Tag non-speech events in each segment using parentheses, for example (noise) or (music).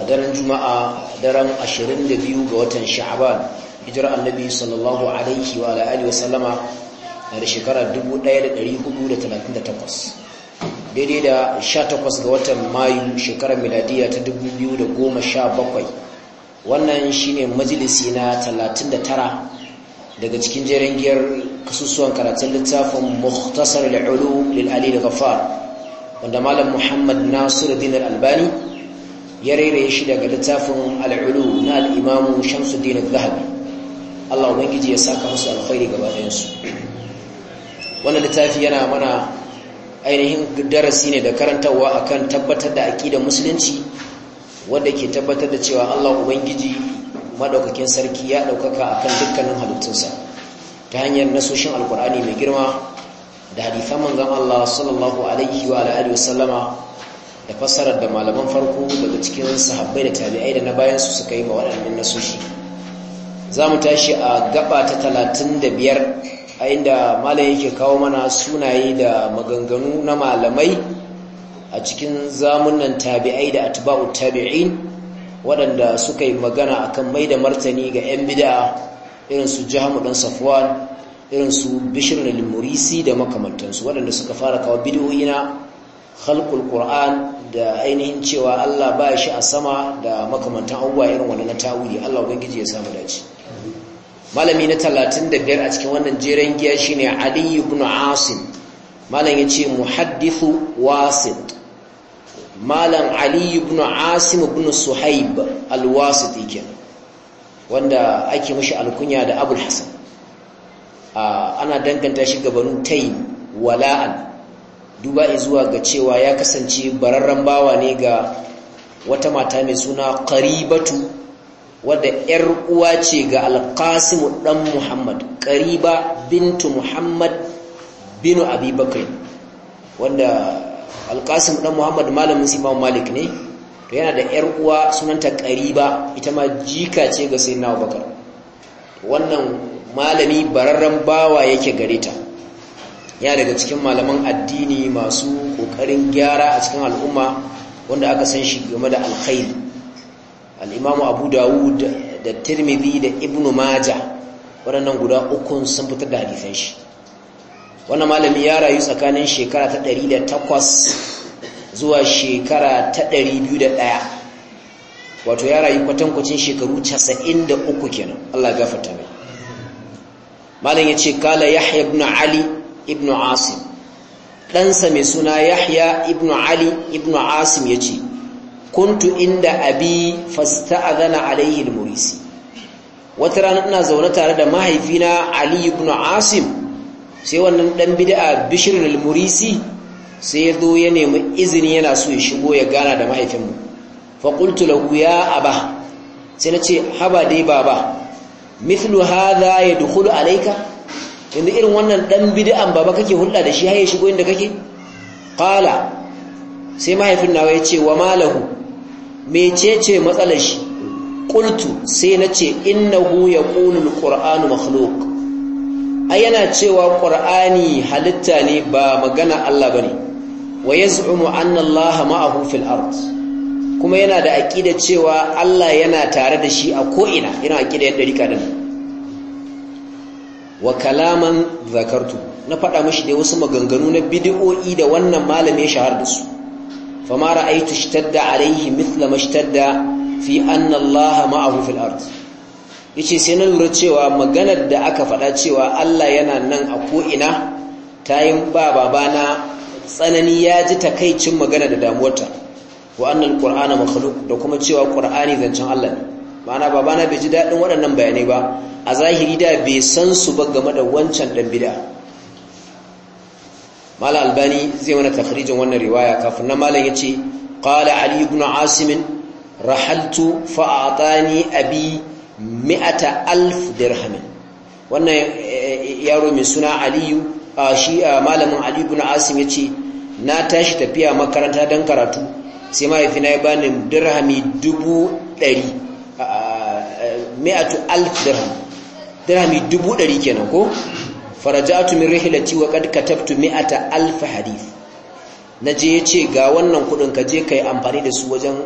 a daren juma'a daren 22 ga watan sha'aban hijirar annabi sallallahu alaihi wa alihi wa sallama na da shekarar 1438 daidai da 18 ga watan mayu shekarar miladiya ta 2017 wannan shine majalisi na 39 daga cikin jerin giyar kasusuwan karatun littafin muhtasar al'ulu lil'ali da gafar wanda malam muhammad nasiruddin al-albani ya rairaye shi daga littafin al'ulu na al'imamu shamsuddin al-zahabi allah ubangiji ya saka musu alkhairi gaba ɗayansu wannan littafi yana mana ainihin darasi ne da karantarwa akan tabbatar da aƙidar musulunci wanda ke tabbatar da cewa allah ubangiji madaukakin sarki ya ɗaukaka akan dukkanin halittunsa ta hanyar nasoshin alkur'ani mai girma da hadisan manzan Allah sallallahu alaihi wa wasallama da fassara da malaman farko daga cikin sahabbai da tabi'ai da na bayan su suka yi ma waɗannan nasoshi za mu tashi a gaba ta talatin 35 a inda malam yake kawo mana sunaye da maganganu na malamai a cikin zamunan tabi'ai da atba'u tabi'in waɗanda suka yi magana akan mai da martani ga 'yan bida irin su jihamu ɗan safwan irin su bishirin da da makamantansu waɗanda suka fara kawo bidiyoyi na halkul qur'an da ainihin cewa Allah ba shi a sama da makamantan abubuwa irin wanda na tawili Allah ubangiji ya samu dace malami na talatin da biyar a cikin wannan jeren giya shi shine Ali ibn Asim malam yace muhaddithu wasit malam Ali ibn Asim ibn Suhaib al-Wasiti wanda ake mashi alkunya da Abul Hasan ana danganta shi ga banu tayi wala'an duba zuwa ga cewa ya kasance bararren bawa ne ga wata mata mai suna karibatu wadda yar uwa ce ga alqasim dan muhammad ƙariba bintu muhammad binu abubakar wanda alqasim dan muhammad malamin imam malik ne to yana da yar uwa sunanta ƙariba, ita ma jika ce ga na abubakar wannan malami bararren bawa yake gare ta ya daga cikin malaman addini masu kokarin gyara a cikin al'umma wanda aka san shi game da alkhairi Al'imamu abu dawud da tirmidhi da ibnu maja waɗannan guda ukun sun fitar da hadisan shi wannan malami ya rayu tsakanin shekara ta 108 zuwa shekara ta 201 wato ya rayu kwatankwacin shekaru 93 kenan Allah gafarta mai malam ce, kala yahya ibn ali ibn asim ɗansa mai suna yahya ibn ali ibn asim ya ce. kuntu inda abi fasta fasta'adhana alaihi al-murisi wata rana ina zaune tare da mahaifina ali ibn asim sai wannan ɗan bid'a bishirin al-murisi sai ya zo ya nemi izini yana so ya shigo ya gana da mahaifinmu fa qultu lahu ya aba sai na ce haba dai ba ba. mithlu hadha yadkhulu alayka Inda irin wannan dan bid'an baba kake hulɗa da shi har ya shigo inda kake qala sai mahaifin nawa ya ce wa malahu mecece matsalar shi qultu sai nace innahu yaqulu alqur'anu makhluq A yana cewa qur'ani halitta ne ba magana Allah bane wa yaz'umu anna Allah ma'ahu fil ardh kuma yana da aƙida cewa Allah yana tare da shi a ko'ina yana aƙida yadda rika din wa kalaman zakartu na faɗa mashi da wasu maganganu na bidiyo'i da wannan malam ya shahar da su fama ra'aitu shtadda alaihi mithla mashtadda fi an Allah ma'ahu fil Ya ce sai na lura cewa maganar da aka faɗa cewa Allah yana nan a ko'ina ta yin ba babana tsanani ya ji takaicin magana da damuwarta wa annal qur'ana makhluq da kuma cewa qur'ani zancen Allah ne ma'ana babana bai ji dadin waɗannan bayanai ba a zahiri da bai san su ba game da wancan dan bid'a mala albani zai wani takhrijin wannan riwaya kafin nan malam yace qala ali ibn asim rahaltu fa atani abi mi'ata alf wannan eh, yaro mai suna aliyu shi malamin aliyu na asim ya ce na tashi tafiya makaranta dan karatu sai mahaifina ya bani dirhami dubu ɗari mi'atu al dirham dirhami dubu ɗari kenan ko farajatu min rihilati wa qad katabtu mi'ata alf hadith naje yace ga wannan kudin ka je ka yi amfani da su wajen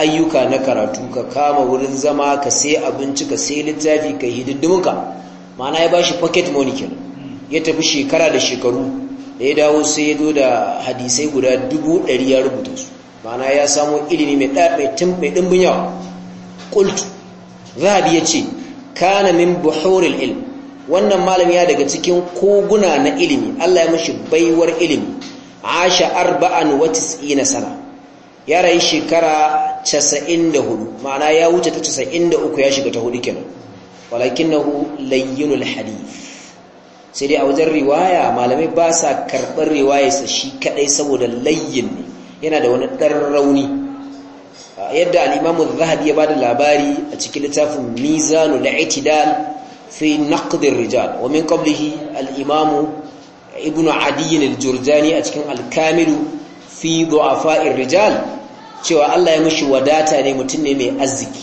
ayyuka na karatu ka kama wurin zama ka sai abinci ka sai littafi ka dindumuka ma'ana ya bashi pocket money kenan ya tafi shekara da shekaru da ya dawo sai ya zo da hadisai guda dubu ɗari ya rubuta su ma'ana ya samu ilimi mai ɗimbin yawa ƙultu zahab ya ce kana min buhuril ilm wannan malam ya daga cikin koguna na ilimi Allah ya mashi baiwar ilimi asha arba'an wa tis'ina sana ya rayu shekara 94 ma'ana ya wuce ta 93 ya shiga ta hudu kenan walakinahu layyinul hadith sai dai a wajen riwaya malamai ba sa karɓar riwayarsa shi kaɗai saboda layyin ne yana da wani ɗan rauni yadda al'imamu zahabi ya ba da labari a cikin littafin mizanu na itidal fi naqdin rijal wa min qablihi al'imamu ibn adiyin al-jurjani a cikin alkamilu fi du'afa'ir rijal cewa Allah ya mushi wadata ne mutum ne mai arziki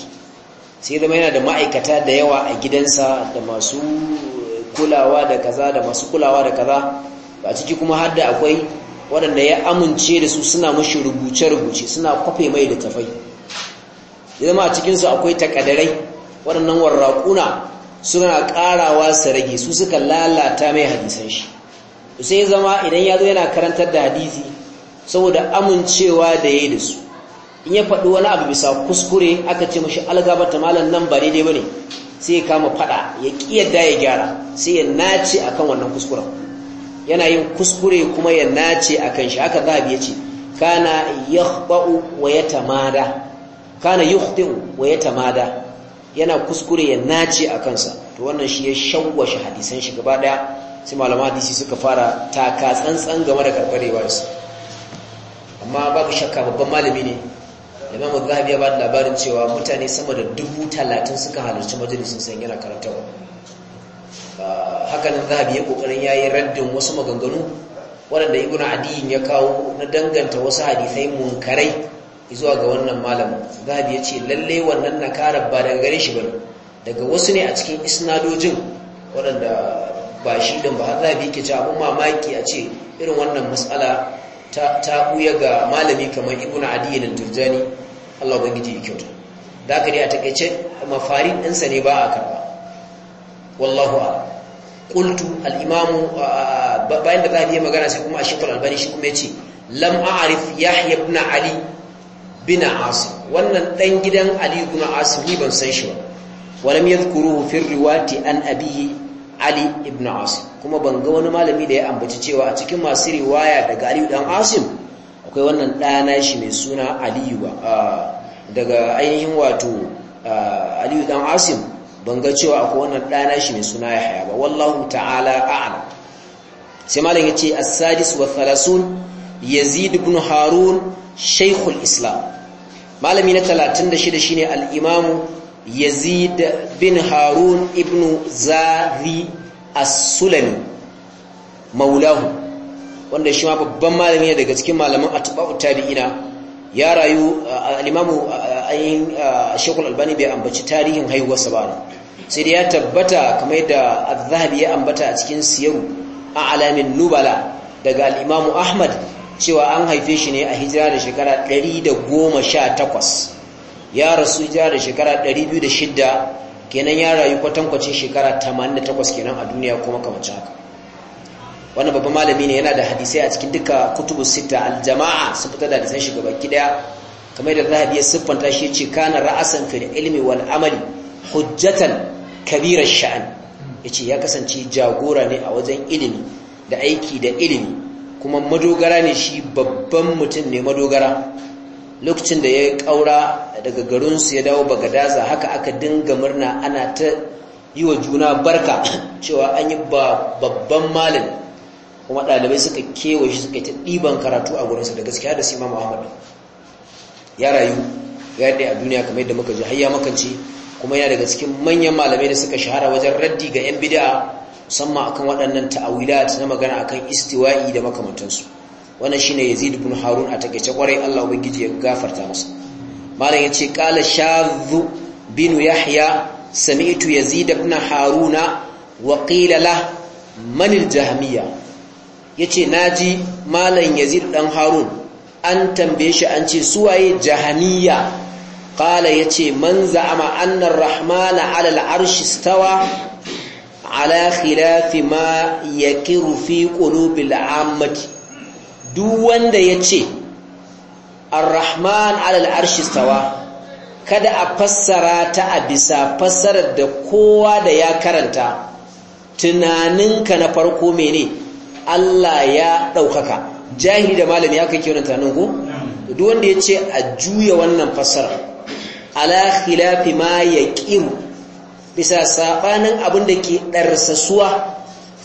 sai zama yana da ma'aikata da yawa a gidansa da masu kulawa da kaza da masu kulawa da kaza a ciki kuma hadda akwai waɗanda ya amince da su suna mashi rubuce-rubuce suna kwafe mai da tafai ya zama a cikinsu akwai takadarai waɗannan warraƙuna suna ƙarawa su rage su suka lalata mai hadisan shi sai zama idan ya zo yana karantar da hadisi saboda amincewa da ya yi da su in ya faɗi wani abu bisa kuskure aka ce mashi algabata malam nan ba daidai ba ne sai ya kama faɗa ya ƙi yadda ya gyara sai ya nace akan wannan kuskuren yana yin kuskure kuma ya nace kan shi haka ya ce kana yakhba'u wa tamada kana wa tamada yana kuskure ya nace a kansa to wannan shi ya shawwashi hadisan shi gaba ɗaya sai malama hadisi suka fara taka tsantsan game da karbarewar su amma babu shakka babban malami ne Imam Zahabi ya ba da labarin cewa mutane sama da dubu talatin suka halarci majalisin sanyana yana hakanan zahabi ya kokarin yayin raddin wasu maganganu waɗanda ibn adiyin ya kawo na danganta wasu hadisai munkarai zuwa ga wannan malamin zahabi ya ce lallai wannan nakara ba daga gare shi ba daga wasu ne a cikin isnadojin waɗanda ba shi din ba zahabi yake ci abin mamaki a ce irin wannan matsala ta ɓuya ga malami kamar ibn adiyin turjani allah ubangiji ya kyauta da ka dai a takaice mafarin ɗinsa ne ba a karɓa wallahu a ƙultu al bayan da zahabi ya magana sai kuma a ashikul albani shi kuma yace lam a'rif yahya ibn ali bin asim wannan ɗan gidan ali ibn asim ni ban san shi ba walam yadhkuruhu fi riwati an abihi ali ibn asim kuma ban ga wani malami da ya ambaci cewa a cikin masu riwaya daga ali dan asim akwai wannan ɗana shi mai suna aliyu ba daga ainihin wato aliyu dan asim ban ga cewa akwai wannan ɗana shi mai suna ya haya ba wallahu ta'ala a'lam sai malam ya ce as-sadis wa thalathun yazid ibn harun shaykhul islam malami na 36 shine al-imamu yazid bin harun ibn zadi as-sulami maulahu wanda shi ma babban malami ne daga cikin malaman atba'u tabi'ina ya rayu al-imamu ayin uh, shekul albani bai ambaci tarihin haihuwarsa ba ne. sai da ya tabbata kamar yadda azhabi ya ambata a cikin siyaru a alamin nubala daga al'imamu ahmad cewa an haife shi ne a hijira da shekara 118 ya rasu hijira da shekara 206 kenan ya rayu kwatankwacin shekara 88 kenan a duniya kuma kamacin haka wannan babban malami ne yana da hadisai a cikin duka kutubu sita aljama'a sun fitar da hadisan shugaba daya kamar da zahabi ya siffanta shi ce kana ra'asan fil ilmi wal amali hujjatan kabirar sha'an yace ya kasance jagora ne a wajen ilimi da aiki da ilimi kuma madogara ne shi babban mutum ne madogara lokacin da ya kaura daga garinsu ya dawo ba bagadaza haka aka dinga murna ana ta yi wa juna barka cewa an yi babban malami kuma ɗalibai suka kewa shi suka yi ta ɗiban karatu a gurinsa da gaskiya da sima muhammadu ya rayu ya daɗe a duniya kamar yadda muka ji har ya makance kuma yana daga cikin manyan malamai da suka shahara wajen raddi ga 'yan bid'a musamman akan waɗannan ta'awilat na magana akan istiwa'i da makamantansu wannan shine Yazid ibn Harun a takeice kwarai Allah ubangiji ya gafarta masa malam yace qala shadhu bin Yahya sami'tu Yazid ibn Haruna wa qila lah man al yace naji malam Yazid dan Harun an tambaye shi an ce suwaye jahaniya qala yace man za'ama anna ar-rahmana 'ala arshi stawa ala khilafi ma yaqiru fi qulubil 'ammati duk wanda yace ar-rahman 'ala arshi stawa kada a fassara ta a bisa fassarar da kowa da ya karanta tunaninka na farko mene Allah ya ɗaukaka jahili da malami haka yake wannan tunanin ko duk wanda ya a juya wannan fassara ala khilafi ma yaqim bisa sabanin abin da ke darsasuwa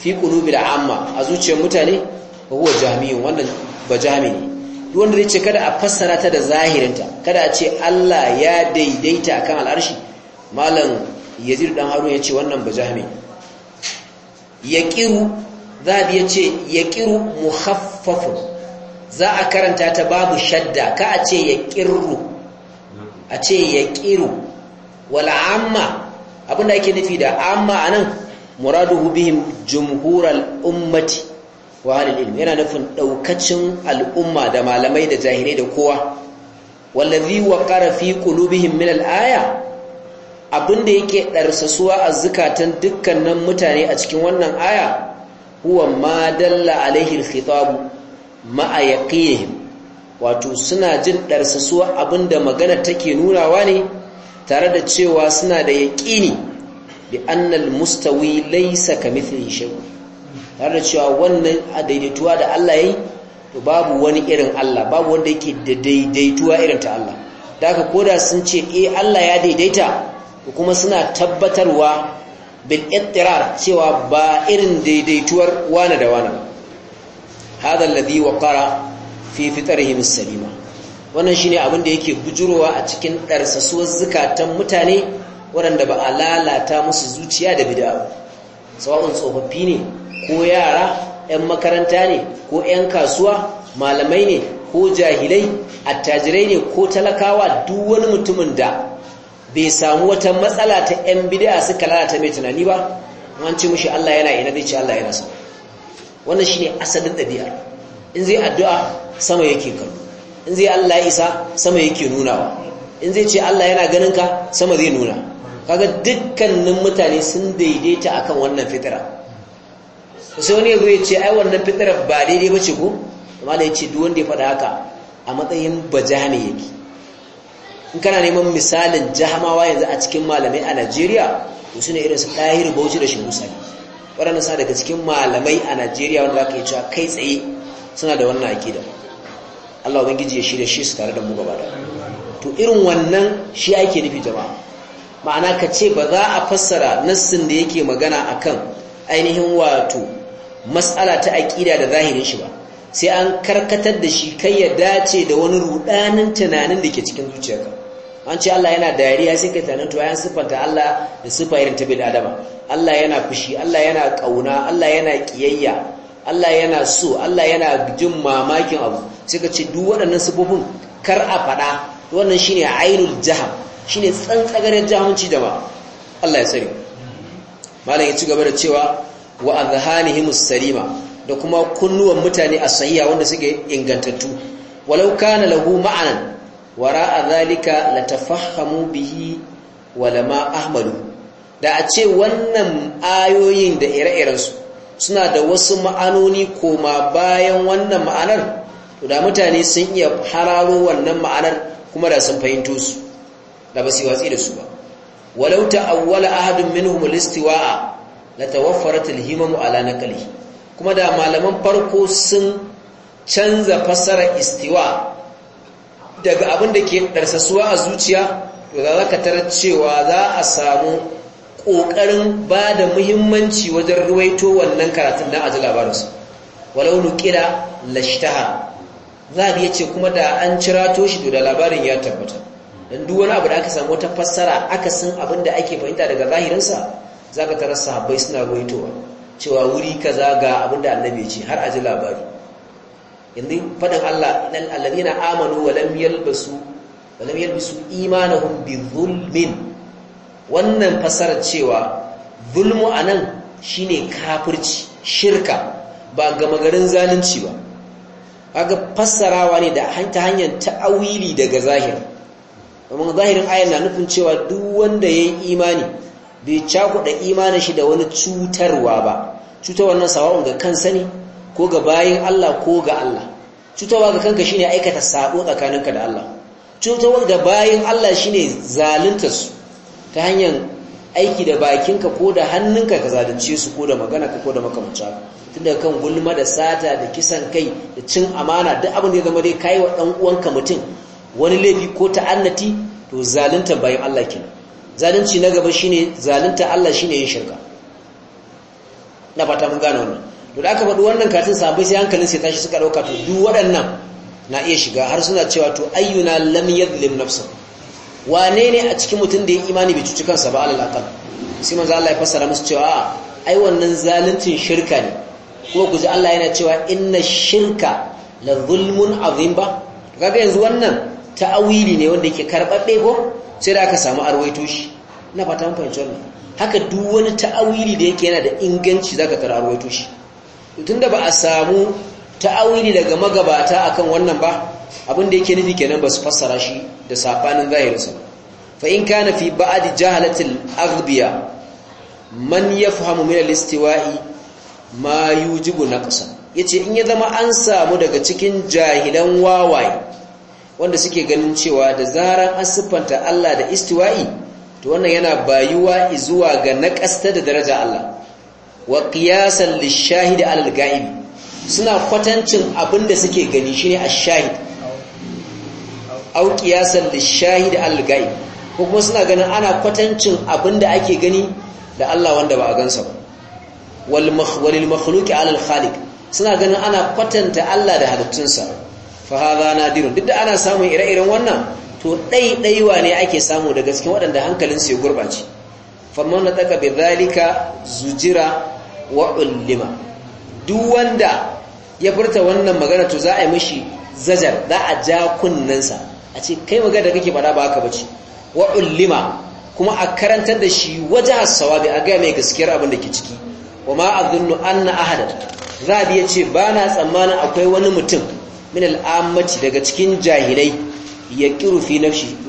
fi qulubil amma a zuciyar mutane huwa jami'in wannan ba jami'i duk wanda ya kada a fassara ta da zahirinta kada a ce Allah ya daidaita akan al'arshi malam yazid dan harun ya ce wannan ba jami'i yaqiru Za a biya ce ya ƙiru muhaffafun za a karanta ta babu shadda ka a ce ya ƙiru? a ce ya ƙiru wala amma abinda ake nufi da amma a nan muradu hubihim jumhural ummati wa halil yana nufin ɗaukacin al'umma da malamai da jahirai da kowa wallazi wa ƙara fi ƙulubihim min al'aya abinda yake ɗarsasuwa a zukatan dukkanin mutane a cikin wannan aya huwa ma dalla alaihi alkhitabu ma'a wato suna jin darsasuwa abinda magana take nunawa ne tare da cewa suna da yaqini bi anna almustawi laysa shay tare da cewa wannan a daidaituwa da Allah yayi to babu wani irin Allah babu wanda yake da daidaituwa irin ta Allah da haka koda sun ce eh Allah ya daidaita kuma suna tabbatarwa bil ittirar cewa ba irin daidaituwar wane da wane hada alladhi waqara fi fitarihim salima wannan shine abin da yake bujurowa a cikin darsasuwar zakatan mutane waɗanda ba a lalata musu zuciya da bid'a sawa'un tsofaffi ne ko yara 'yan makaranta ne ko 'yan kasuwa malamai ne ko jahilai attajirai ne ko talakawa duk wani mutumin da bai samu wata matsala ta yan bid'a suka lalata mai tunani ba wani ce mushi Allah yana ina zai ce Allah yana sama wannan shi ne asalin ɗabi'a in zai addu'a sama yake kallo in zai Allah ya isa sama yake nunawa in zai ce Allah yana ganin ka sama zai nuna kaga dukkanin mutane sun daidaita akan wannan fitira sai wani ya ce ai wannan fitira ba daidai ce ko amma da ya ce duk wanda ya faɗa haka a matsayin bajame yake in kana neman misalin jahamawa yanzu a cikin malamai a Najeriya to ne irin su Tahir Bauchi da Shehu Sani waɗannan sa daga cikin malamai a Najeriya wanda zaka yi cewa kai tsaye suna da wannan akida Allah ubangiji ya shirye shi su tare da mu gaba to irin wannan shi ake nufi jama'a ma'ana ka ce ba za a fassara nassin da yake magana a kan ainihin wato mas'ala ta aƙida da zahirin shi ba sai an karkatar da shi kai ya dace da wani rudanin tunanin da ke cikin zuciyarka an ce Allah yana dariya sai kai tunanin to ayan sifanta Allah da siffa irin ta bil adama Allah yana fushi Allah yana kauna Allah yana kiyayya Allah yana so Allah yana jin mamakin abu sai ka ce duk waɗannan sifofin kar a faɗa wannan shine ainul jahab shine tsantsagarin jahanci da ba Allah ya sani malam ya ci gaba da cewa wa azhanihim salima da kuma kunnuwan mutane a wanda suke ingantattu walau kana lahu ma'anan wara a zalika tafahamu bihi walama ahmadu da a ce wannan ayoyin da ire iren su suna da wasu ma'anoni koma bayan wannan ma'anar to da mutane sun iya hararo wannan ma'anar kuma da sun fahimto su da ba watsi da su ba walau awwala ahadun minhum listiwa'a latawaffarat alhimamu ala naqlihi kuma da malaman farko sun canza fasara istiwa daga abin da ke ɗarsasuwa a zuciya ga za ka tarar cewa za a samu ƙoƙarin ba da muhimmanci wajen ruwaito wannan karatun na aji labarinsu walau nukila lashtaha za a ce kuma da an cira toshi to da labarin ya tabbata don duk wani abu da aka samu wata fassara akasin abin da ake fahimta daga zahirinsa za ka tarar sahabbai suna ruwaitowa cewa wuri kaza ga abin da annabi ce har a ji labari yanzu fadin Allah innal alladhina amanu wa lam yalbasu wa lam bi wannan fasarar cewa zulmu anan shine kafirci shirka ba gama garin zalunci ba kaga fassarawa ne da ta hanyar ta'awili daga zahir amma zahirin ayan na nufin cewa duk wanda yayin imani bai cakuɗa imanin shi da wani cutarwa ba cutar wannan sawa'un ga kansa ne ko ga bayin Allah ko ga Allah cutarwa ga kanka shine aikata sabo tsakaninka da Allah cutarwa ga bayin Allah shine zalunta su ta hanyar aiki da bakinka ko da hannunka ka zalunce su ko da magana ka ko da makamanta tun daga kan gulma da sata da kisan kai da cin amana duk abin da ya zama dai kai wa dan uwanka mutum wani laifi ko ta'annati to zalunta bayin Allah kenan zalunci na gaba shine zalunta Allah shine yin shirka na fata mun gane wannan to da aka faɗi wannan karatun sabai sai hankalin sai tashi suka ɗauka to duk waɗannan na iya shiga har suna cewa to ayyuna lam yadhlim nafsa wane ne a cikin mutum da ya imani bai cuci kansa ba alal aqal sai manzo Allah ya fassara musu cewa a ai wannan zaluncin shirka ne ko ku ji Allah yana cewa inna shirka la zulmun azim ba kaga yanzu wannan ta'awili ne wanda yake karbabbe ko sai da aka samu arwaito shi ina fata mun fahimci wannan haka duk wani ta'awili da yake yana da inganci zaka tarawaito shi tunda ba a samu ta'awili daga magabata akan wannan ba abinda yake nufi kenan ba su fassara shi da safanin zahirinsa fa in kana fi ba'd jahalatil aghbiya man yafhamu min al-istiwa'i ma yujibu naqsa yace in ya zama an samu daga cikin jahilan wawaye wanda suke ganin cewa da zaran an Allah da istiwa'i to wannan yana bayuwa zuwa ga naƙasta da daraja Allah wa qiyasan lishahid al ga'ib suna kwatancin abinda suke gani shine ash-shahid au qiyasan lishahid al ga'ib ko kuma suna ganin ana kwatancin da ake gani da Allah wanda ba a gansa ba wal walil al khaliq suna ganin ana kwatanta Allah da halittunsa fa na nadirun duk da ana samun ire-iren wannan to ɗaiɗaiwa ne ake samu daga cikin waɗanda hankalinsu ya gurbace. famman na taka zalika zujira wa ulima duk wanda ya furta wannan magana to za a yi mishi zajar za a ja kunnensa a ce kai magana da kake faɗa ba haka bace wa ulima kuma a karantar da shi wajen sawabi a gaya mai gaskiyar abin da ke ciki wa ma azunnu anna za a biya ce ba na tsammanin akwai wani mutum min al'ammaci daga cikin jahilai ya ƙirufi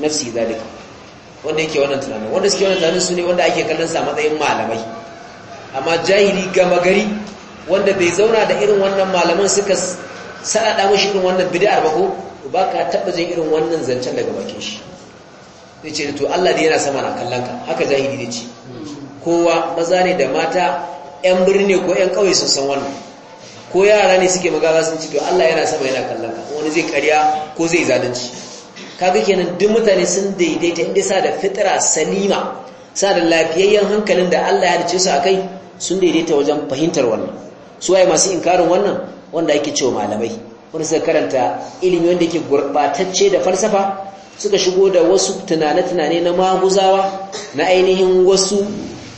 nafsi zalika wanda yake wannan tunanin wanda suke wannan tunanin su ne wanda ake kallon sa matsayin malamai amma jahili gama gari wanda bai zauna da irin wannan malaman suka sadada mashi irin wannan bid'ar ba ko ba ka taba jin irin wannan zancen daga bakin shi zai ce to Allah dai yana sama na kallon ka haka jahili ne ce kowa maza ne da mata yan birni ko yan kauye sun san wannan ko yara ne suke magana sun ci to Allah yana sama yana kallon ka wani zai karya ko zai zalunci kaga kenan duk mutane sun daidaita inda sa da fitira salima sa da lafiyayyen hankalin da Allah ya dace su akai sun daidaita wajen fahimtar wannan su waye masu inkarin wannan wanda ake cewa malamai wanda suka karanta ilimi wanda yake gurbatacce da falsafa suka shigo da wasu tunane-tunane na maguzawa na ainihin wasu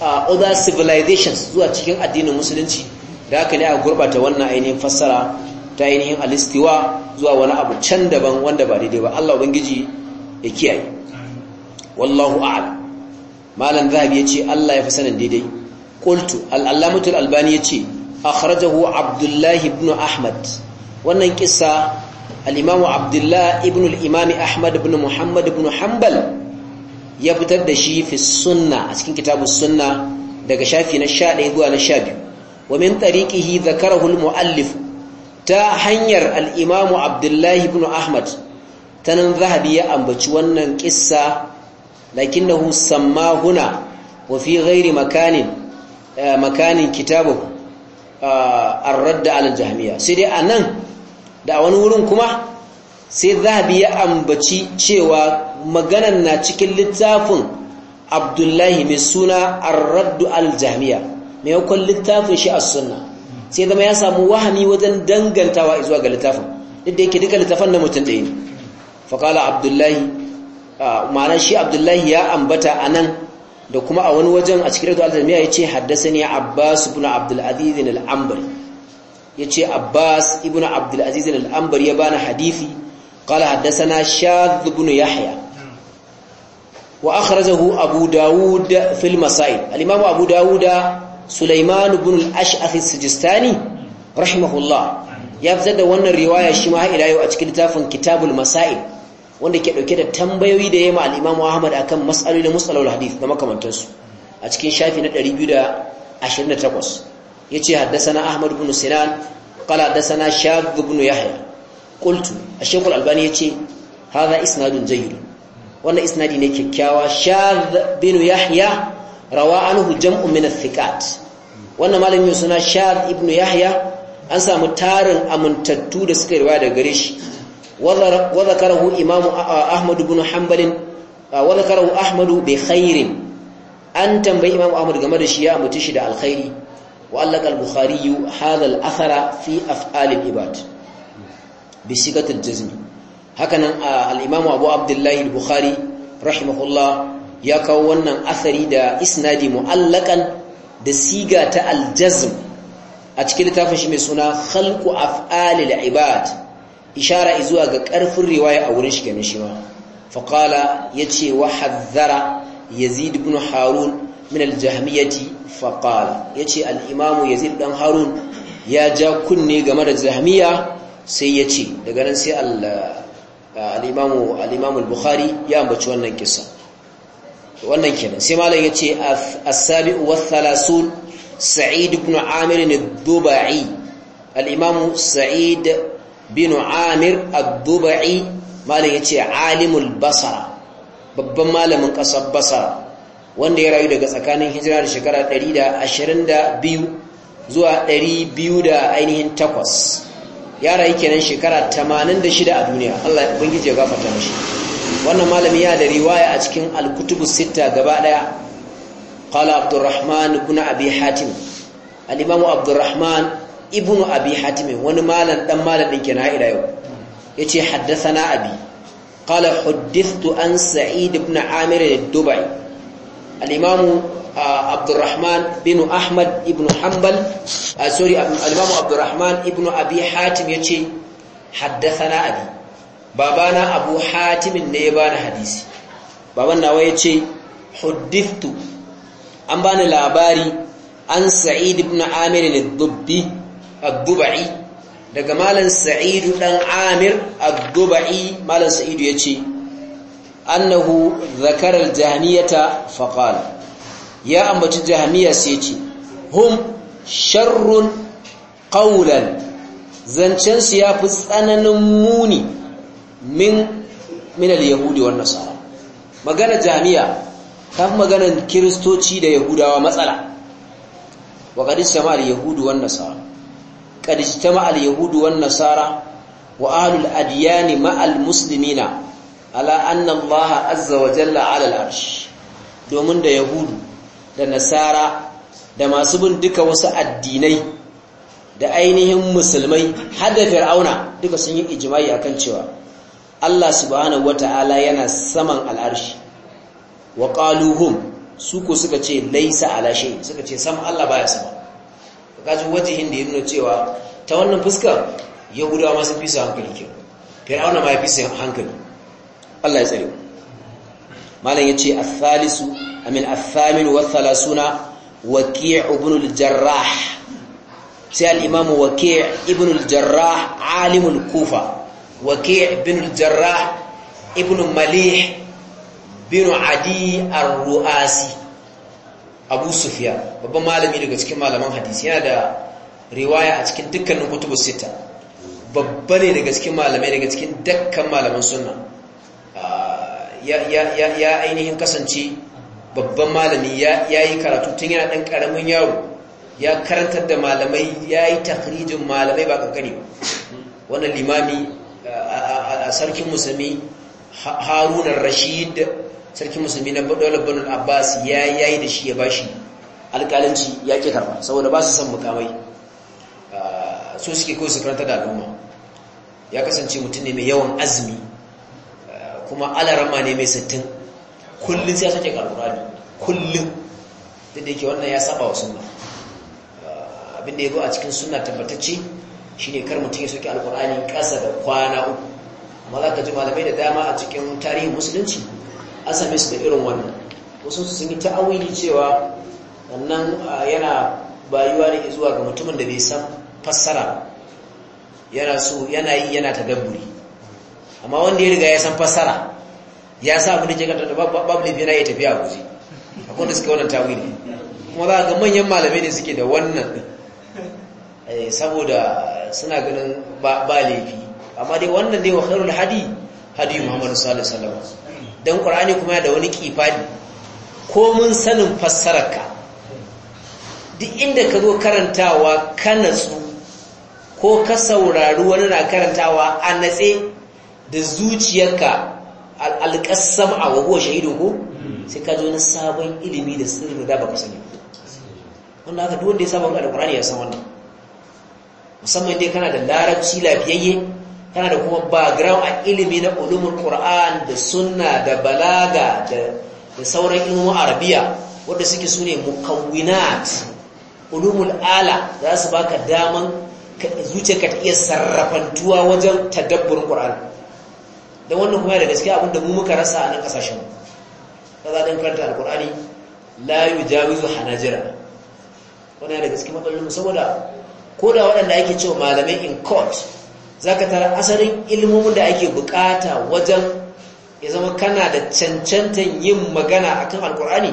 other civilizations zuwa cikin addinin musulunci da haka ne a gurbata wannan ainihin fassara ta ainihin alistiwa zuwa wani abu can daban wanda ba daidai ba Allah ubangiji ya kiyaye wallahu a'lam malam zahabi yace Allah ya fi sanin daidai qultu al-allamatu albani yace akhrajahu abdullah ibn ahmad wannan kissa al-imam abdullah ibn al-imam ahmad ibn muhammad ibn hanbal ya fitar da shi fi sunna a cikin kitabus sunna daga shafi na 11 zuwa na 12 wa min tariqihi zakarahu al-muallif ta hanyar al'imamu abdullahi ibn ahmad ta nan zahabi ya ambaci wannan ƙissa lakin na husamma huna wafi gairi makanin eh, kitabu eh, an radda alal sai dai a nan da a wani wurin kuma sai zahabi ya ambaci cewa maganan na cikin littafin abdullahi mai suna an raddu alal mai maimakon littafin shi a sunna sai zama ya samu wahami wajen dangantawa zuwa ga littafin duk da yake duka littafin na mutum ɗaya ne faƙala abdullahi ma'ana shi abdullahi ya ambata a nan da kuma a wani wajen a cikin da alzamiya ya ce haddasa ne abbas ibn abdulaziz al'ambari ya ce abbas ibn abdulaziz al'ambari ya bani hadifi ƙala haddasa na shadh ibn yahya wa akhrajahu abu dawud fil masail al-imam abu dawud Sulaiman ibn al-Ash'ath sijistani rahimahullah ya fitar da wannan riwaya shi ma ila yau a cikin littafin Kitabul Masail wanda ke dauke da tambayoyi da yema al-Imam Ahmad akan mas'alolin musalul hadith da makamantansu a cikin shafi na 228 yace haddathana Ahmad ibn Sinan qala haddathana Shadh ibn Yahya qultu ash-Shaykh al-Albani yace hadha isnadun jayyid wannan isnadi ne kyakkyawa Shadh ibn Yahya rawa anhu jam'u min thiqat wannan malami suna shad ibnu yahya an samu tarin amintattu da suka riwaya daga gare shi wa zakarahu imamu ahmad ibn hanbal wa zakarahu ahmad bi khairin an tambayi imamu ahmad game da shi ya mutu shi da alkhairi wa allaka al-bukhari hadha al-athara fi af'al al-ibad bi al-jazm hakanan al-imamu abu abdullah al-bukhari rahimahullah ya kawo wannan asari da isnadi mu'allakan da siga ta aljazm a cikin littafin shi mai suna khalqu af'alil ibad ishara zuwa ga karfin riwaya a wurin shi kenan shi ma fa qala yace wa hadhara yazid ibn harun min aljahmiyati fa qala yace al-imam yazid dan harun ya ja kunne game da jahmiya sai yace daga nan sai al-imam al-imam al-bukhari ya ambaci wannan kisa. wannan kenan sai malam ya ce sabiu wath-thalathun sa'id ibn amir ad-dubai al-imam sa'id bin amir ad-dubai malam yace alimul basra babban malamin kasar basra wanda ya rayu daga tsakanin hijira da shekara 122 zuwa ɗari da ainihin takwas ya rayu kenan shekara tamanin a duniya Allah ya bangije ya gafata mashi wannan malami ya da riwaya a cikin al-kutubu sita gaba daya qala abdurrahman ibn abi hatim alimamu imam abdurrahman ibn abi hatim wani malam dan malam din kenan ila yau ya ce haddasa na abi kala hudistu an sa'id ibn amir ad-dubai alimamu imam abdurrahman bin ahmad ibn hanbal sorry al-imam abdurrahman ibn abi hatim haddasa na abi babana abu hatimin ne ya bani hadisi baban nawa ya ce hudiftu an bani labari an sa'id ibn amir ne dubbi daga malam sa'idu dan amir ad malam sa'idu ya ce annahu zakara al-jahmiyata faqala ya ambaci jahmiya sai ce hum sharrun qawlan zancensu ya fi tsananin muni min al yahudi an nasara magana jami'a kan magana maganar kiristoci da yahudawa matsala wa al yahudu an nasara qad al yahudu an nasara wa ahlul adyan ma al muslimina ala anna allah azza wa jalla ala al arsh domin da yahudu da nasara da masu bin duka wasu addinai da ainihin musulmai hada da fir'auna duka sun yi ijimai akan cewa Allah subhanahu wata'ala yana saman al'arshi wa qaluhum su ko suka ce laisa ala shay suka ce sam Allah baya sama kaji wajihin da ya nuna cewa ta wannan fuska ya ma sun fi su hankali ke fir'auna ma ya fi su hankali Allah ya tsare malam yace athalisu amin athamin wa thalasuna waqi' ibn al-jarrah sai al-imam waqi' ibn al-jarrah alim al-kufa وكيع bin الجراح ابن ibn بن bin الرؤاسي ابو ruasi abu sufyan babban malami daga cikin malaman hadisi yana da riwaya a cikin dukkanin kutubus sita babba ne daga cikin malamai daga cikin dukkan malaman sunna ya ainihin kasance babban malami ya yi karatu tun yana ɗan ƙaramin yawo ya karantar da malamai ya yi malamai ba ƙanƙani ba wannan limami sarkin musulmi Haruna rashid sarkin musulmi na daular banul abbas ya yayi da shi ya bashi alƙalanci ya ke karba saboda ba su san mukamai ah, su suke kawai su karanta da al'umma ya kasance mutum ne mai yawan azumi ah, kuma alarama ne mai sittin kullum sai ya sake ne kullum da da yake wannan ya saba wa suna ah, abinda ya zo a cikin sunna tabbatacce ne kar mutum ya soke alkur'ani ƙasa da kwana uku malaka ka ji malamai da dama a cikin tarihin musulunci an same su da irin wannan wasu sun yi ta'awili cewa wannan yana bayuwa ne zuwa ga mutumin da bai san fassara yana su yana yi yana tadabburi amma wanda ya riga ya san fassara ya sa abu da ke kanta da babu laifin ya tafiya a guji. akwai da suke wannan ta'awili kuma za ga manyan malamai ne suke da wannan eh, saboda suna ganin ba laifi amma dai wannan ne wa khairul hadi hadi Muhammad sallallahu alaihi wasallam dan Qur'ani kuma da wani kifani ko mun sanin fassararka duk inda ka zo karantawa ka natsu ko ka saurari wani na karantawa a natse da zuciyarka alƙassam a wago shahido ko sai ka zo na sabon ilimi da sirri da baka sani wannan haka duk wanda ya saba da Qur'ani ya san wannan musamman dai kana da larabci lafiyayye tana da kuma background a ilimi na ulumul qur'an da sunna da balaga da sauran ilimin arabiya wanda suke ne mukawwinat ulumul ala za su baka daman zuce ta iya sarrafantuwa wajen tadabbur qur'an Don wannan kuma da gaskiya abinda mu muka rasa a nan kasashen mu za dan karanta alqur'ani la yujawizu hanajira wannan da gaskiya matsalolin saboda ko da waɗanda ake cewa malamai in court zaka tara asarin ilmomin da ake bukata wajen ya zama kana da cancantan yin magana akan alkur'ani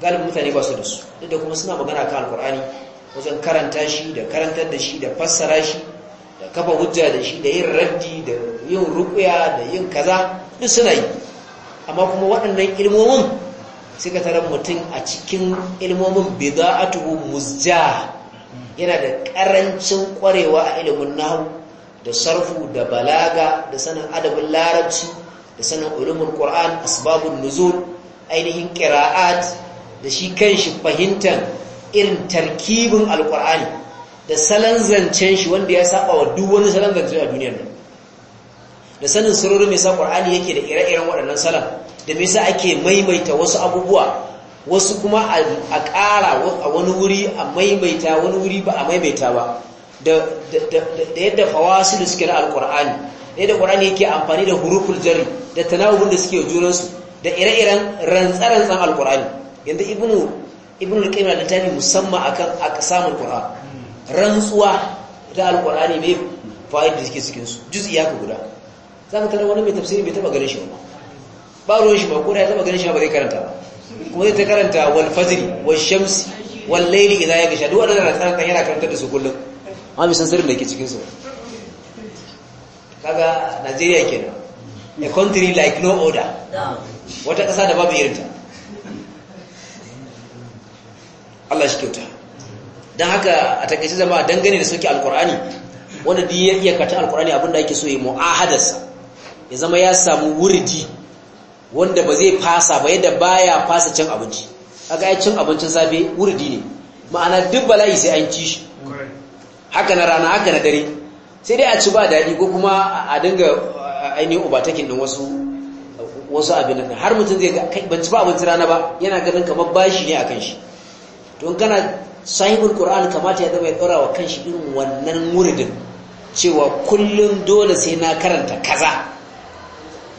galibin mutane ba su da su duk da kuma suna magana akan alkur'ani wajen karanta shi da karantar da shi da fassara shi da kafa hujja da shi da yin raddi da yin rukuya da yin kaza duk suna yi amma kuma waɗannan ilmomin suka tara mutum a cikin ilmomin bida'atuhu muzja yana da ƙarancin ƙwarewa a ilimin nahu da sarfu da balaga da sanin adabin larabci da sanin ulumul qur'an asbabun nuzul ainihin qira'at da shi kanshi fahimtar irin tarkibin alqur'ani da salon zancen shi wanda ya saba wa duk wani salon zance a duniyar nan da sanin sirrin me yasa qur'ani yake da ire-iren waɗannan salon da me sa ake maimaita wasu abubuwa wasu kuma a ƙara a wani wuri a maimaita wani wuri ba a maimaita ba da yadda fawasilu suke na alkur'ani yadda qur'ani yake amfani da huruful jari da tanawun da suke junansu da ire-iren rantsa alkur'ani yadda Ibn ibnu al-qayyim da tabi musamman akan samun qur'an rantsuwa da alkur'ani bai fa'idu da suke cikin su juz'iya ka guda ka tarar wani mai tafsiri bai taba ganin shi ba ba ruwan shi ba ko da ya taba ganin shi ba zai karanta ba kuma zai ta karanta wal fajri wal shamsi wal layli idha yaghsha duk wannan rantsan yana karanta da su kullum ma bai san sirrin da ke cikinsu kaga najeriya kenan a country like no order wata ƙasa da babu irinta Allah shi kyauta don haka a takaice zama dangane da soke alkur'ani wanda duk ya iya karatun alkur'ani abinda ake so ya mu'ahadarsa ya zama ya samu wuridi wanda ba zai fasa ba yadda baya fasa cin abinci a ai cin abincin safe wuridi ne ma'ana duk bala'i sai an ci shi haka na rana haka na dare sai dai a ci ba daɗi ko kuma a dinga ainihin ubatakin ɗin wasu wasu abin nan har mutum zai ga ban ci ba abinci rana ba yana ganin kamar bashi ne a shi to in kana sahibul qur'an kamata ya zama ya ɗora wa kanshi irin wannan muridin cewa kullum dole sai na karanta kaza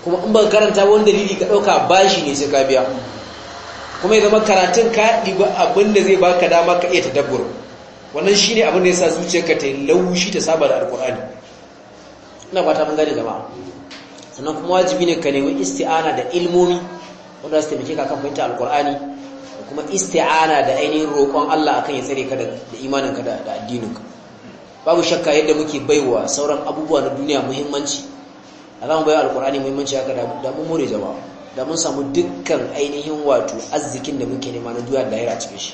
kuma in ba karanta wani dalili ka ɗauka bashi ne sai ka biya kuma ya zama karatun ka ɗiba abin da zai baka dama ka iya tadabbur wannan shi ne abin ya sa zuciyarka ta yi laushi ta saba da alkur'ani ina fata mun gane jama'a sannan kuma wajibi ne ka nemi isti'ana da ilmomi wanda su taimake ka kan fahimta alkur'ani da kuma isti'ana da ainihin roƙon Allah akan ya tsare ka da imaninka da addininka babu shakka yadda muke baiwa sauran abubuwa na duniya muhimmanci alamu bai alkur'ani muhimmanci haka da mun more jama'a da mun samu dukkan ainihin wato arzikin da muke nema na duniya da lahira cikin shi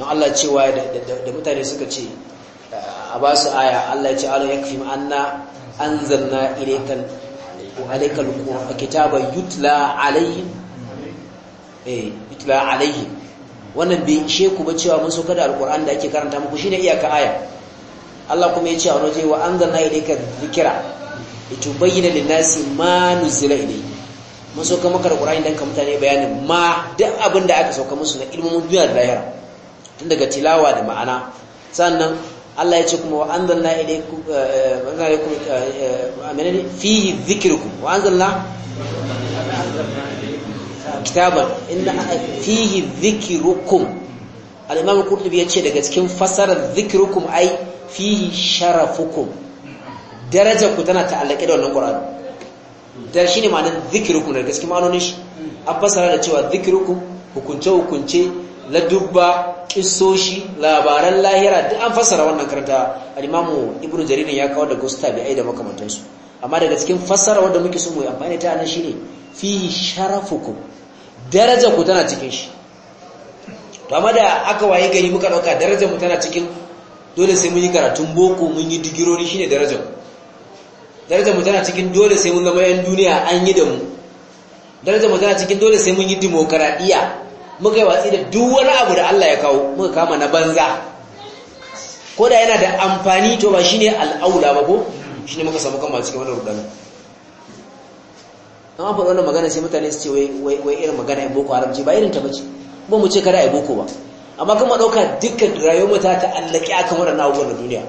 don Allah cewa da mutane suka ce ah, a ba su aya Allah ya ce ala ya kafi ma'ana an zanna irekan alaikal kitaba yutla alayhim eh yutla alayhim wannan bai ishe ku ba cewa mun sauka da alkur'an da ake karanta muku ne iyaka aya Allah kuma ya ce a wani waje wa an zanna ilaika dhikra litubayyana lin-nasi ma nuzila ilayhi mun sauka maka da qur'ani dan ka mutane bayanin ma duk abin da aka sauka musu na ilmin duniya da lahira tun daga tilawa da ma'ana sannan Allah ya ce kuma wa an anzalna ilaykum amenene eh, eh, fihi zikirku wa anzalna eh, kitabar. inna fihi dhikrukum al-imam al-qurtubi ya ce daga cikin fasarar dhikrukum ai sharafu sharafukum Daraja ku tana ta'allake da wannan qur'ani dar ma'anin ma'anar dhikrukum daga cikin ma'anonin shi an fasara da cewa dhikrukum hukunce hukunce ladubba kissoshi labaran lahira duk an fassara wannan karta al-imamu ibnu jarir ya kawo da gusta bi ai da makamantansu amma daga cikin fassara wanda muke so mu amfani ta nan shine fihi sharafukum daraja ku tana cikin shi to amma da aka waye gari muka dauka daraja mu tana cikin dole sai mun yi karatun boko mun yi digirori shine daraja daraja mu tana cikin dole sai mun zama yan duniya an yi da mu daraja mu tana cikin dole sai mun yi demokradiya muka yi watsi da duk wani abu da Allah ya kawo muka kama na banza ko da yana da amfani to ba shine al'aula ba ko shine muka samu kan cikin wannan rudani An fa wannan magana sai mutane su ce wai wai irin magana ya boko haram ba irin ta bace ba mu ce kada ai boko ba amma kuma dauka dukkan rayuwar ta ta ta'allaki akan wannan abubuwan na duniya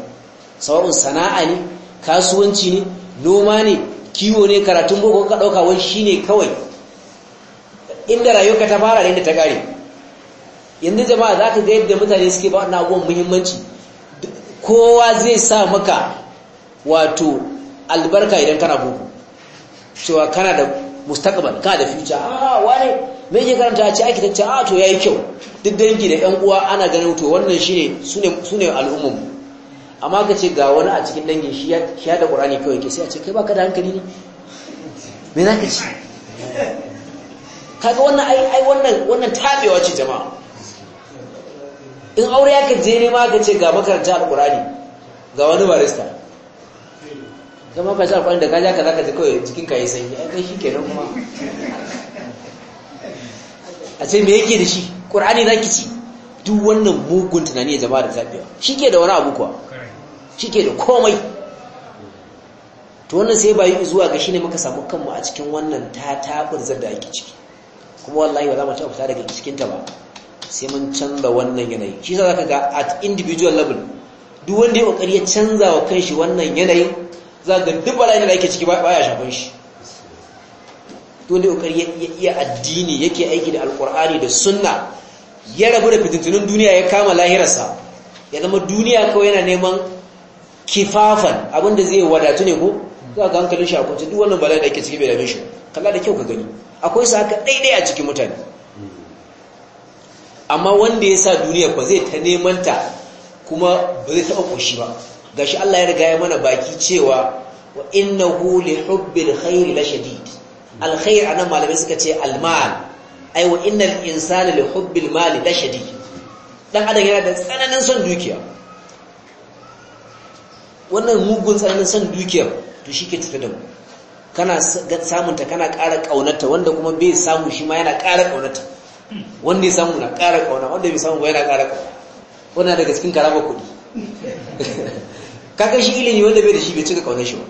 sawa'un sana'a ne kasuwanci ne noma ne kiwo ne karatun boko ka dauka wai shine kawai inda ka ta fara da ta kare yanzu jama'a za ka ga yadda mutane suke ba na abubuwan muhimmanci kowa zai sa maka wato albarka idan kana buku cewa kana da mustaqbal kana da future a wane me yake karanta a ce aiki tace a to yayi kyau duk dangi da yan uwa ana ganin to wannan shine sune sune al'ummar amma ka ce ga wani a cikin dangin shi ya da qur'ani kawai ke sai a ce kai baka da hankali ne me ka ce kaga wannan ai ai wannan wannan tabewa ce jama'a in aure yake je ne ma ka ce ga makaranta alqurani ga wani barista ga makaranta alqurani da kaja ka zaka ji kawai cikin ka yi ai kai shikenan kuma a ce me yake da shi qur'ani zaki ci duk wannan mugun tunani ya jama'a da tabewa shike da wani abu kuwa shike da komai to wannan sai bayi zuwa ga shine muka samu kanmu a cikin wannan ta taburzar da ake ciki kuma wallahi ba za mu taɓa fita daga cikinta ba sai mun canza wannan yanayi shi za ka ga at individual level duk wanda ya kokari ya canza wa kanshi wannan yanayi za ga duk bala'in da yake ciki ba ya shafin shi duk wanda ya kokari ya iya addini yake aiki da alkur'ani da sunna ya rabu da fitintunin duniya ya kama lahirarsa ya zama duniya kawai yana neman kifafan abinda zai wadatu ne ko za ka hankalin shi a kwanci duk wannan bala'in da yake ciki bai da shi kalla da kyau ka gani akwai su haka daidai a cikin mutane amma wanda ya sa duniya ba zai ta neman ta kuma ba zai taɓa ƙoshi ba Ga shi Allah ya riga ya mana baki cewa wa hu li hubbil khair la shadid al khair anan malamai suka ce al mal ai wa innal insana li hubbil mali la shadid dan adam yana da tsananin son dukiya wannan mugun tsananin son dukiya to shi ke tafi da mu kana samunta kana ƙara ƙaunarta wanda kuma bai samu shi ma yana ƙara ƙaunarta wanda ya samu na ƙara ƙauna wanda bai samu ba yana ƙara ƙauna wannan daga cikin karaba kuɗi (laughs) kaga shi ilimi wanda bai da shi bai cika ƙaunar shi ba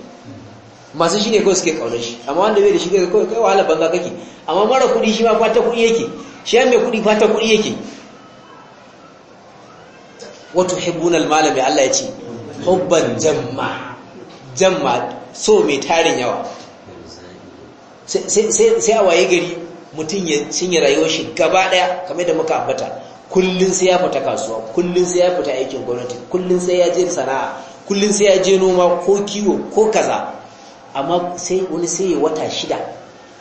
masu shi ne kawai suke ƙaunar shi amma wanda bai da shi kai kawai kai wahala banga kake amma mara kuɗi shi ma fata kuɗi yake shi ya mai kuɗi fata kuɗi yake wato hibbunal malami Allah ya ce hubban jamma jamma so mai tarin yawa sai a waye gari mutum ya cinye rayuwar shi gaba daya kamar da muka ambata kullun sai ya fita kasuwa kullun sai ya fita aikin gwamnati kullun sai ya je sana'a kullun sai ya je noma ko kiwo ko kaza amma sai wani sai ya wata shida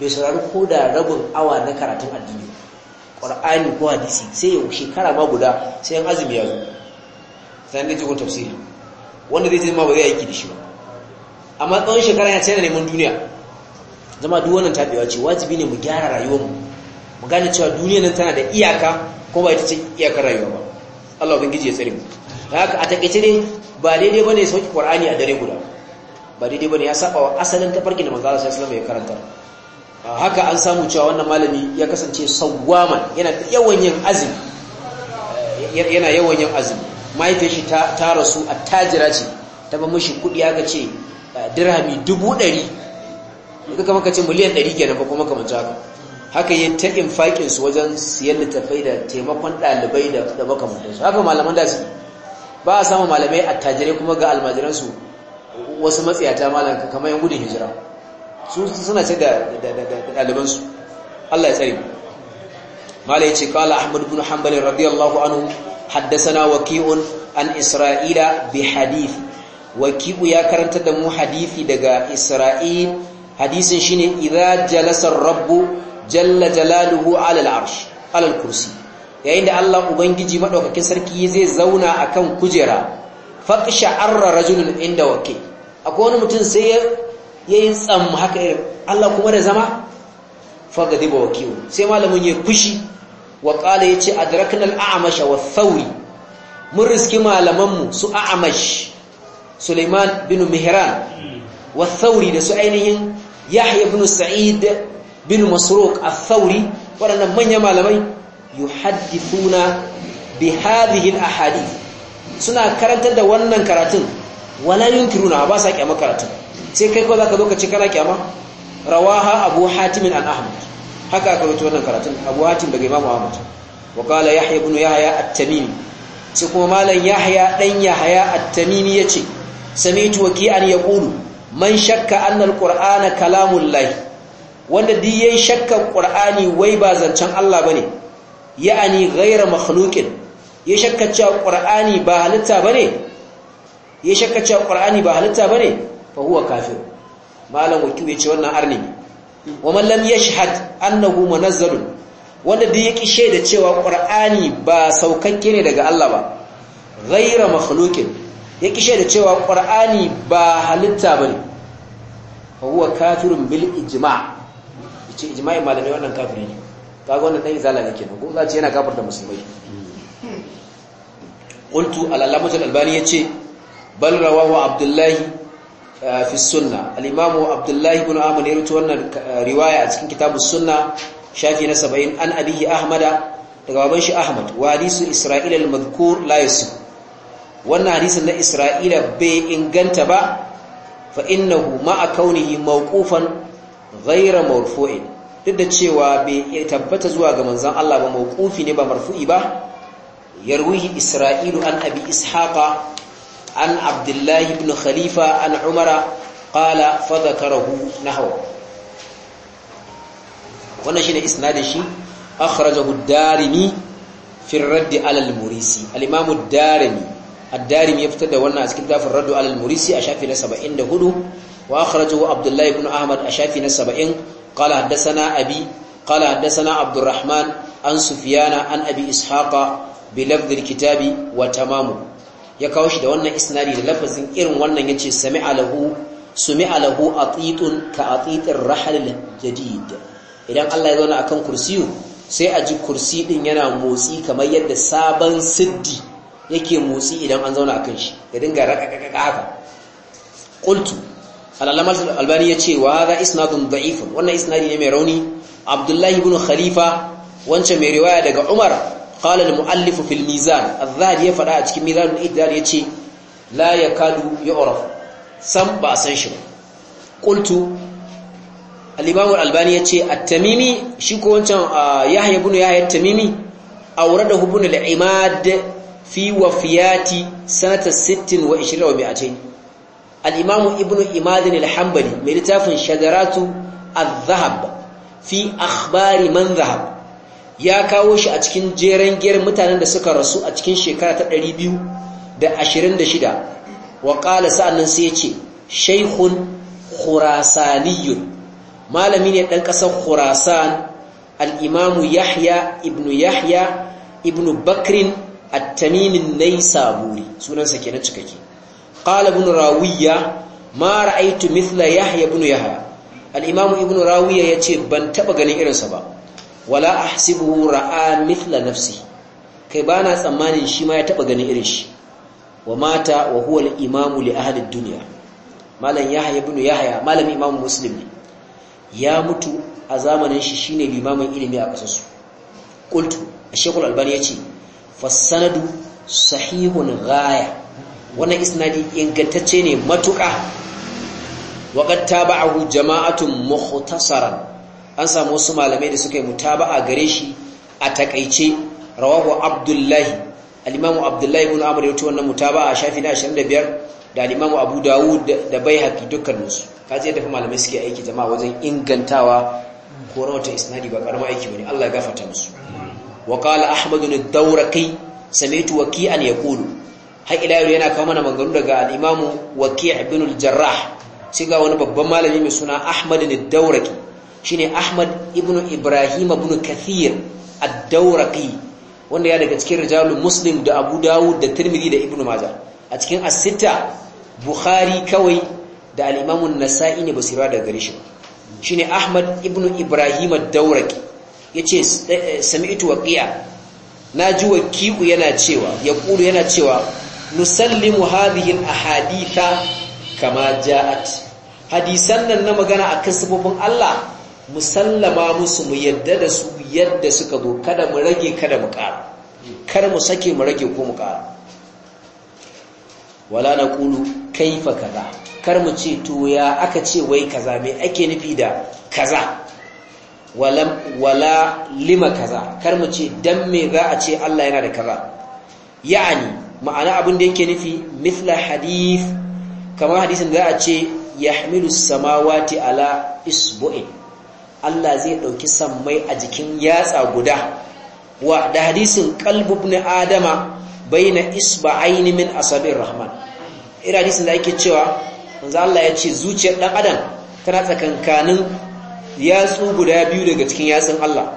bai saurari ko da rabin awa na karatun addini ƙwar'ani ko hadisi sai ya shekara ma guda sai yan azumi ya zo sai ga jikon tafsiri wanda zai je ma ba zai aiki da shi ba amma tsawon shekara ya ce neman duniya zama duk wannan tabewa ce wajibi ne mu gyara rayuwar mu mu gane cewa duniyar nan tana da iyaka ko ba ita ce iyakar rayuwa ba Allah ubangiji ya tsare mu haka a takaice dai ba daidai bane sauki Qur'ani a dare guda ba daidai bane ya saba wa asalin tafarkin da manzo Allah sallallahu alaihi wasallam ya karanta haka an samu cewa wannan malami ya kasance sawwama yana yawan yin azumi yana yawan yin azumi mahaifiyar ta rasu attajira ce ta ba mishi kudi aka ce eh, dirhami dubu ɗari yanzu maka ce miliyan 100 kenan fa kuma kamar haka haka yin ta infakin su wajen siyan litafai da taimakon dalibai da da makamantan su haka malaman da su ba a samu malamai attajirai kuma ga almajiran su wasu matsiyata malam kamar yan gudun hijira su suna ce da daliban su Allah ya tsare mu ya ce qala ahmad ibn hanbal radiyallahu anhu haddathana waqi'un an isra'ila bi hadith waqi'u ya karanta da mu hadisi daga isra'il hadisin shine idza jalasa rabbu jalla jalaluhu ala al-arsh ala al-kursi yayin da Allah ubangiji madaukakin sarki zai zauna akan kujera faqsha arra rajulun inda wake akwai wani mutum sai yayin tsam haka irin Allah kuma da zama fagadiba wakiyu sai malamin ya kushi wa qala yace adrakna al-a'mash wa thawri mun riski malamanmu su a'mash Suleiman bin Mihran wa thawri da su ainihin yahya ibn sa'id bin masruq al-thawri waɗannan manyan malamai yuhaddithuna bi hadhihi al-ahadith suna karantar da wannan karatun wala yunkiruna ba sa kiyama karatun sai kai ko zaka zo ka ce kana kiyama rawaha abu hatim an ahmad haka aka rubuta wannan karatun abu hatim daga imamu ahmad wa qala yahya ibn yahya at-tamimi sai kuma malam yahya dan yahya at-tamimi yace tuwaki an yaqulu man shakka annal qur'ana kalamullahi wanda duk yayin shakka qur'ani wai ba zancen Allah bane ya'ani ghayra makhluqin ya shakka cewa qur'ani ba halitta bane ya shakka cewa qur'ani ba halitta bane fa huwa kafir malam wakil yace wannan arni wa man lam yashhad annahu munazzalun wanda duk yake shaida cewa qur'ani ba saukakke ne daga Allah ba ghayra makhluqin ya kishe da cewa ƙwar'ani ba halitta ba ne huwa kafirin bil ijma ce ijma'in malamai wannan kafiri ne kaga wannan ɗan izala ne kenan ko za ce yana kafir da musulmai qultu al-allamah al-albani yace bal rawahu abdullahi eh, fi sunna al-imam abdullahi ibn amr ya rubuta wannan eh, riwaya a cikin kitabus sunna shafi na 70 an abihi ahmada daga baban shi ahmad wa hadisu isra'ila al-madhkur la wannan hadisin na Isra'ila bai inganta ba fa innahu ma'a kaunihi mawqufan ghayra marfu'in duk da cewa bai tabbata zuwa ga manzon Allah ba ne ba marfu'i ba yarwihi Isra'ilu an abi ishaqa an Abdullah ibn Khalifa an Umara qala fa dhakarahu nahwa wannan shine isnadin shi akhrajahu ad-Darimi fi ar-radd al-Murisi al-Imam ad-Darimi addarim ya fitar da wannan a cikin tafin raddu alal murisi a shafi na 74 wa akhrajahu abdullahi ibn ahmad a shafi na 70 qala haddathana abi qala haddathana abdurrahman an sufyana an abi ishaka bi lafdh alkitabi wa ya kawo shi da wannan isnadi da lafazin irin wannan yace sami'a lahu sumi'a lahu atitun ka atitir rahal jadid idan Allah ya zauna akan kursiyu sai a ji kursi din yana motsi kamar yadda sabon siddi yake motsi idan an zauna akan shi ya dinga raƙaƙaƙa haka qultu al-allama al-albani yace wa hadha isnadun da'if wannan isnadi ne mai rauni abdullahi ibn khalifa wancan mai riwaya daga umar qala al-muallif fil mizan ya fada a cikin mizanul iddal yace la yakadu yu'raf sam ba san shi qultu al-imam al-albani yace at-tamimi shi ko wancan ah, yahya ibn yahya at-tamimi awradahu ibn al-imad fi wafiyati sanata 60 wa 20 wa 200 al-imam ibnu imad al-hanbali mai littafin shagaratu adh-dhahab fi akhbari man dhahab ya kawo shi a cikin jeren giyar mutanen da suka rasu a cikin shekara ta 226 wa qala sa'annan sai ya ce shaykhun khurasaniyun malami ne dan kasar khurasan al-imam yahya ibnu yahya ibnu bakrin at-tamimin naysaburi sunansa kenan cikakke qala ibn rawiya ma ra'aytu mithla yahya ibn yahya al-imam ibn rawiya yace ban taba ganin irinsa ba wala ahsibuhu ra'a mithla nafsi kai bana tsammanin shi ma ya taba ganin irin shi wa mata wa huwa al-imam li ahli ad-dunya malam yahya ibn yahya malam imam muslim ne ya mutu a zamanin shi shine limamin ilimi a kasarsu qultu ash-shaykh al-albani yace fassanadu sahihun gaya wannan isnadi ingantacce ne matuƙa waƙar taba'ahu jama'atun mukhtasaran an samu wasu malamai da suka yi mutaba'a gare shi a takaice rawahu abdullahi alimamu imamu abdullahi ibn amr ya wannan mutaba'a shafi na 25 da alimamu abu dawud da bai haƙi dukkan Ka ce da malamai suke aiki jama'a wajen ingantawa ko rawata isnadi ba ƙarama aiki ne. Allah ya musu وقال أحمد الدورقي سمعت وكيعا يقول har ila yau yana kawo mana al daga waki' ibn al-jarrah wani babban malami mai suna ahmad ibn dauraki shine ahmad ibn ibrahim ibn kathir ad-dauraki wanda ya daga cikin rijalul muslim da abu dawud da tirmidhi da ibn maja a cikin as-sita bukhari kawai da al-imamu an-nasa'i ne basira daga gare shi shine ahmad ibn ibrahim ad yace eh, sami'tu waqi'a naji waqi'u yana cewa yaqulu yana cewa nusallimu hadhihi al kama ja'at hadisan nan na magana a kan sabobin Allah musallama musu mu yadda da su yadda suka zo kada mu rage kada mu ƙara kar mu sake mu rage ko mu ƙara wala naqulu kaifa kaza kar mu ce to ya aka ce wai kaza me ake nufi da kaza wala lima kaza kar mu ce dan me za a ce Allah yana da kaza ya'ani ma'ana abin da yake nufi mithla hadith kamar hadisin da za a ce yahmilu samawati ala isbu'in Allah zai dauki sammai a jikin yatsa guda wa da hadisin qalbu ibn adama baina isba'ain min asabir rahman ira hadisin da yake cewa manzo Allah ya ce zuciyar dan adam tana tsakankanin yatsu guda biyu daga cikin yatsun Allah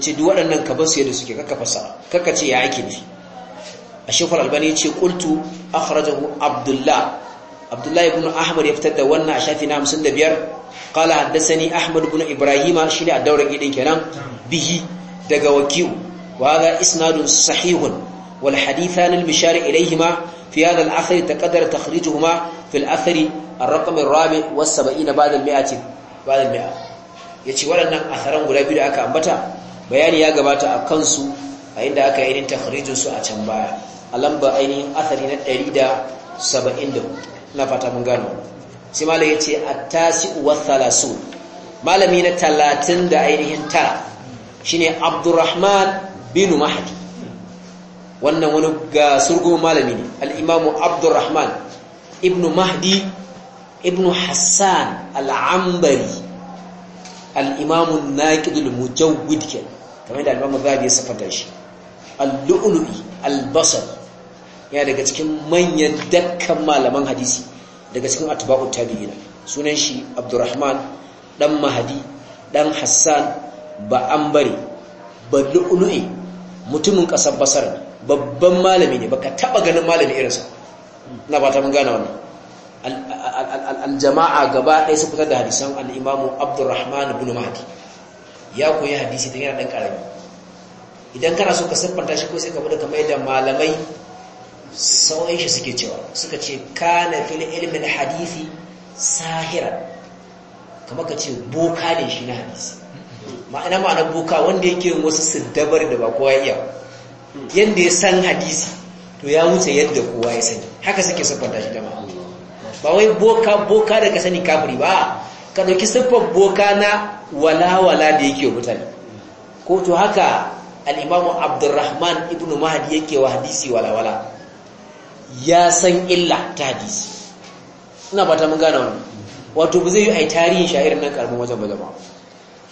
ce duk waɗannan ka su yadda suke kaka fasara ce ya ake nufi ashifar albani yace a akhrajahu abdullah abdullah ibn ahmad ya fitar da wannan a shafi na 55 qala ni ahmad ibn ibrahima shine a daura gidan kenan bihi daga wakiu wa hadha isnadun sahihun wal hadithan al mishar ilayhima في هذا الأثر تقدر تخريجهما في الأثر الرقم الرابع والسبعين بعد المئة mai'a ya yace waɗannan tsaron guda biyu da aka ambata bayani ya gabata a kansu a inda aka yi irin su a can baya a lamba ainihin athari na 174 ina fata mun gano sai malai yace a tasi uwar thalasun malami na talatin da ainihin tara shine Abdurrahman bin Mahdi wannan wani ga surgun malami ne al'imamu Abdurrahman ibn Mahdi Ibnu hassan al'ambari al'imamun naƙidul mujawwid ke kamar da al'amma zaɓi ya safata shi al'ulubi albasar ya daga cikin manyan dakkan malaman hadisi daga cikin atuba'u tabi'ina sunan shi abdurrahman ɗan mahadi ɗan hassan ba ambari ba lu'ulu'i mutumin ƙasar basar babban malami ne ka taɓa ganin malami irinsa na ba ta mun gane wannan aljama'a gaba ɗaya su fitar da hadisan al'imamu abdurrahman ibn mahdi ya koyi hadisi ta yana ɗan ƙarami idan kana so ka siffanta shi ko sai ka bude kamar yadda malamai sauran shi suke cewa suka ce kana fil ilimin hadisi sahira kama ka ce boka ne shi na hadisi ma'ana ma'ana boka wanda yake wasu siddabar da ba kowa iya yadda ya san hadisi to ya wuce yadda kowa ya sani haka suke siffanta shi da ma'amuri ba wai boka boka da ka sani kafiri ba ka dauki siffar boka na walawala da yake mutane ko to haka al-imamu abdurrahman ibn mahdi yake wa hadisi walawala ya san illa ta hadisi ina fata mun gane wannan wato ba zai yi ai tarihin sha'irin nan karamin wajen ba jama'a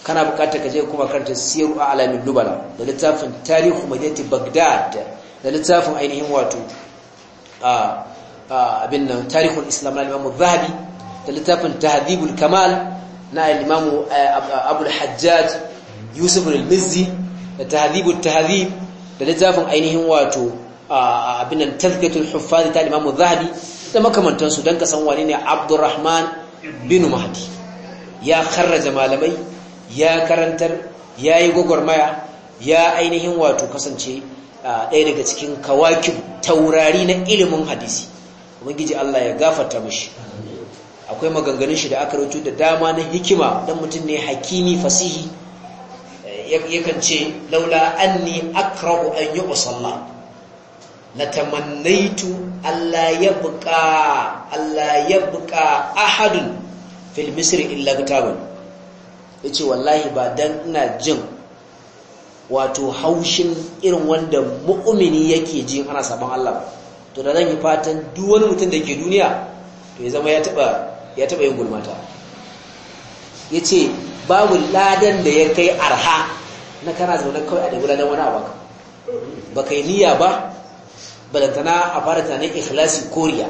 kana bukatar ka je kuma karanta siru a alamin dubala da littafin tarihu madinati bagdad da littafin ainihin wato a ah, abin nan tarihul islam na imamu zahabi da littafin tahdhibul kamal na imamu abul hajjaj yusuf al-mizzi da tahdhibul tahdhib da littafin ainihin wato abin nan tazkiyatul huffaz ta imamu zahabi da makamantansu su ka san wane ne abdurrahman bin mahdi ya kharraja malamai ya karantar ya yi gwagwarmaya ya ainihin wato kasance ɗaya daga cikin kawakin taurari na ilimin hadisi ubangiji Allah ya gafarta mishi akwai maganganun shi da aka rubuta da dama na hikima dan mutum ne hakimi fasihi yakan ce laula anni akrahu an yu'salla ya alla yabqa alla yabqa ahadun fil misr illa kitabun yace wallahi ba dan ina jin wato haushin irin wanda mu'mini yake ji ana sabon Allah ba to da zan yi fatan duk wani mutum da ke duniya to ya zama ya taba yin gulmata yace babu ladan da ya kai arha na kana zaune kawai a dabi ladan wani abaka Ba yi niyya ba balantana a fara tunanin ikhlasi koriya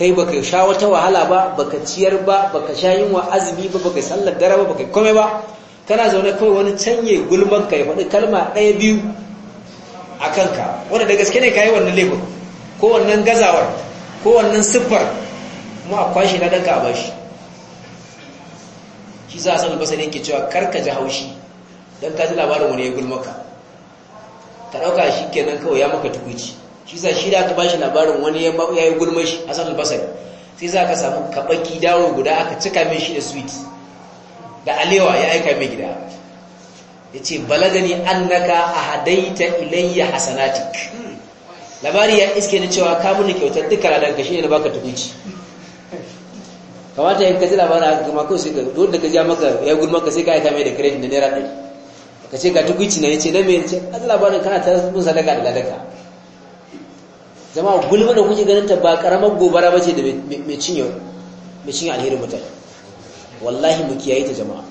kai baka sha wata wahala ba baka ciyar ba baka sha yunwa azumi ba baka sallar dare ba baka komai ba kana zaune kawai wani canye gulman ka faɗi kalma ɗaya biyu a kanka wanda da gaske ne ka yi wannan laifin ko wannan gazawar ko wannan siffar kuma a kwashe na danka a bashi shi za a sami basari ke cewa karka ji haushi don ka ji labarin wani ya gulmaka ka ɗauka shi nan kawai ya maka tukuci shi za shi da aka bashi labarin wani ya yi gulma shi a sanar basari sai za ka samu kaɓaki dawo guda aka cika mai shi da sweet da alewa ya aika mai gida yace balagani annaka ahadaita ilayya hasanatik labari ya iske ni cewa ka bani kyautar duka ranar ka shine baka tukunci kamata in ka ji labarin haka kuma sai ka dole ka ja maka ya gurma ka sai ka aika mai da credit da naira ɗari ka ce ka tukunci na yace na me yace ka labarin kana ta sun sadaka da ladaka jama'a gulma da kuke ganin ta ba karamar gobara bace da mai cinye mai cinye alherin mutane wallahi mu kiyaye ta jama'a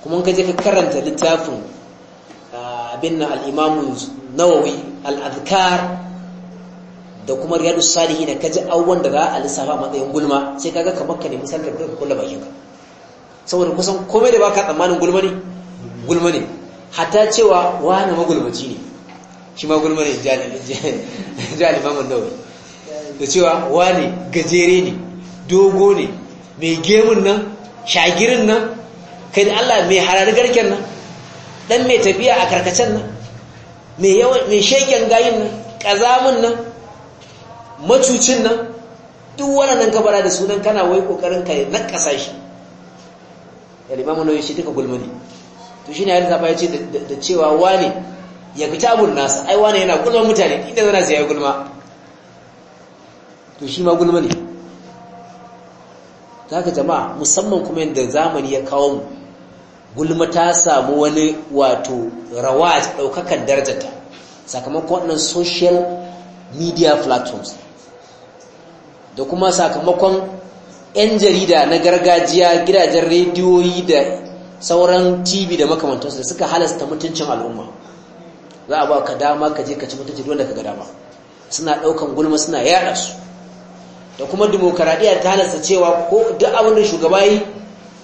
kuma in ka je ka karanta littafin abin na al'imamu nawawi al'adkar da kuma riyadu salihi na kaji awon da za a lissafa matsayin gulma sai kaga kamar ka nemi sarkar ka kula bakinka saboda kusan komai da baka tsammanin gulma ne gulma ne hata cewa wani magulmaci ne shi ma gulma ne jalimamin nawawi da cewa wani gajere ne dogo ne mai gemun nan shagirin nan kai da allah mai hararri garken nan dan mai tafiya a karkacen nan mai yawan mai sheken gayin nan kazamin nan macucin nan duk wannan kabara da sunan kana wai kokarin ka na kasa shi al-imamu nawawi shi duka gulmani to shine ya zaba ce da cewa wane ya kitabun nasa ai wane yana gulman mutane inda zana sai ya gulma to shi ma gulma ne ka jama'a musamman kuma yanda zamani ya kawo mu gulma ta samu wani wato rawa a ɗaukakan darjata sakamakon waɗannan social media platforms da kuma sakamakon 'yan jarida na gargajiya gidajen rediyoyi da sauran tv da makamantarsu da suka halasta mutuncin al'umma za a ba ka dama ka je ka ci mutunci da ka ga dama suna ɗaukan gulma suna yaɗa su da kuma dimokuraɗiyya ta halasta cewa ko duk abin da shugaba yi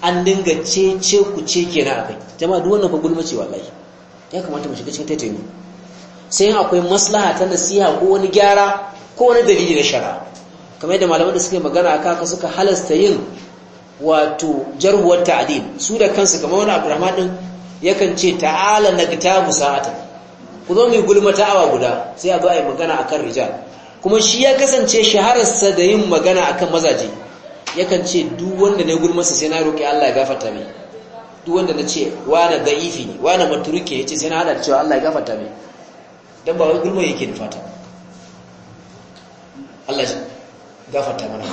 an dinga ce ce ku ce kenan akai jama'a duk wannan fa gulma ce wallahi ya kamata mu shiga cikin taitayi sai akwai maslaha ta nasiha ko wani gyara ko wani dalili na shara kamar yadda malaman da suke magana aka ka suka halasta yin wato jarhuwar ta'dil su da kansu kamar wani abrahama din yakan ce ta'ala ta sa'ata ku zo mu gulma ta awa guda sai a zo a yi magana akan rijal kuma shi ya kasance shahararsa da yin magana akan mazaje yakan ce duk wanda na gulmasa sai na roƙi Allah ya gafarta mai duk wanda na ce wani da'ifi ne wani maturuke ya ce sai na hada cewa Allah ya gafarta mai don ba wani gulma yake da fata Allah ya gafarta mana